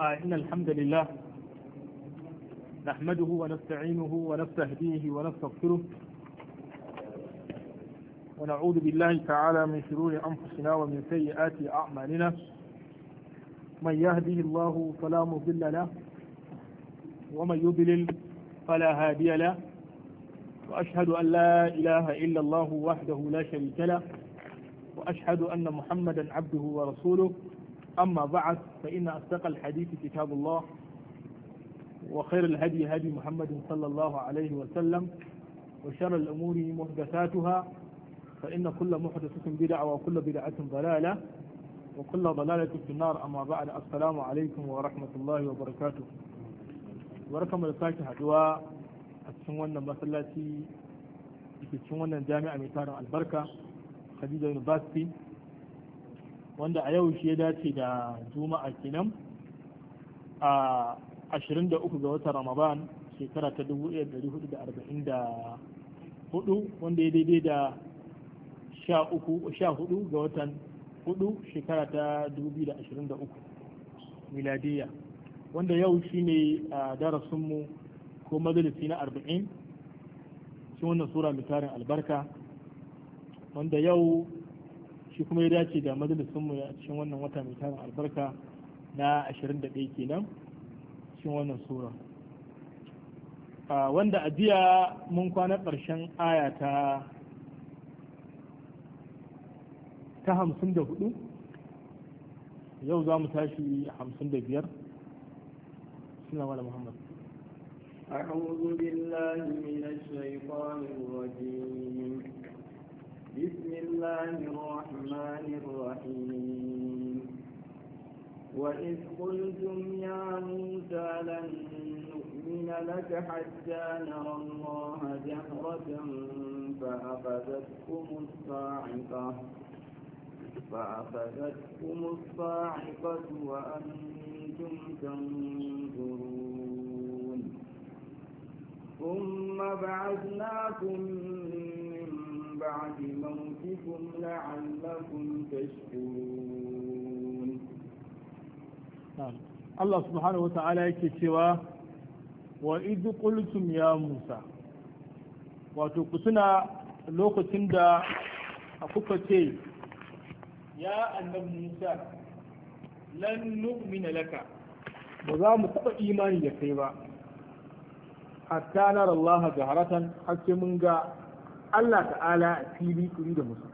آه، إن الحمد لله نحمده ونستعينه ونستهديه ونستغفره ونعوذ بالله تعالى من شرور أنفسنا ومن سيئات أعمالنا من يهده الله فلا مضل له ومن يضلل فلا هادي له وأشهد أن لا إله إلا الله وحده لا شريك له وأشهد أن محمدا عبده ورسوله أما بعد فإن أصدق الحديث كتاب الله وخير الهدي هدي محمد صلى الله عليه وسلم وشر الأمور محدثاتها فإن كل محدثة بدعة وكل بدعة ضلالة وكل ضلالة في النار أما بعد السلام عليكم ورحمة الله وبركاته ورحمة الله هدوى أتشمونا مسلاتي في تشمونا جامعة ميتان البركة خديجة يونيفرسيتي wanda a yau shi ya dace da juma'a kenan a 23 ga watan ramadan shekara ta 1444 wanda ya daidai da 14 ga watan 4 shekara ta 2023 miladiya wanda yau shi ne a darasinmu ko majalisi na 40 shi wannan sura mai tarin albarka wanda yau shi kuma ya dace da majalisunmu a cikin wannan wata mai tarin albarka na 21 kenan cikin wannan sura wanda a jiya mun kwana ƙarshen aya ta ta hamsin da hudu yau za mu tashi hamsin da biyar suna wala muhammad أعوذ بالله من الشيطان الرجيم بسم الله الرحمن الرحيم وإذ قلتم يا موسى لن نؤمن لك حتى نرى الله جهرة فأخذتكم الصاعقة فأخذتكم الصاعقة وأنتم تنظرون ثم بعثناكم من بعد موتكم لعلكم تشكرون الله سبحانه وتعالى يكتوى وإذ قلتم يا موسى وتقتنا لوقتين دا أقفتي يا النبي موسى لن نؤمن لك وذا متقى إيمان يكيبا حتى نرى الله جهرة حتى sai mun Allah ta'ala fili kuri da musu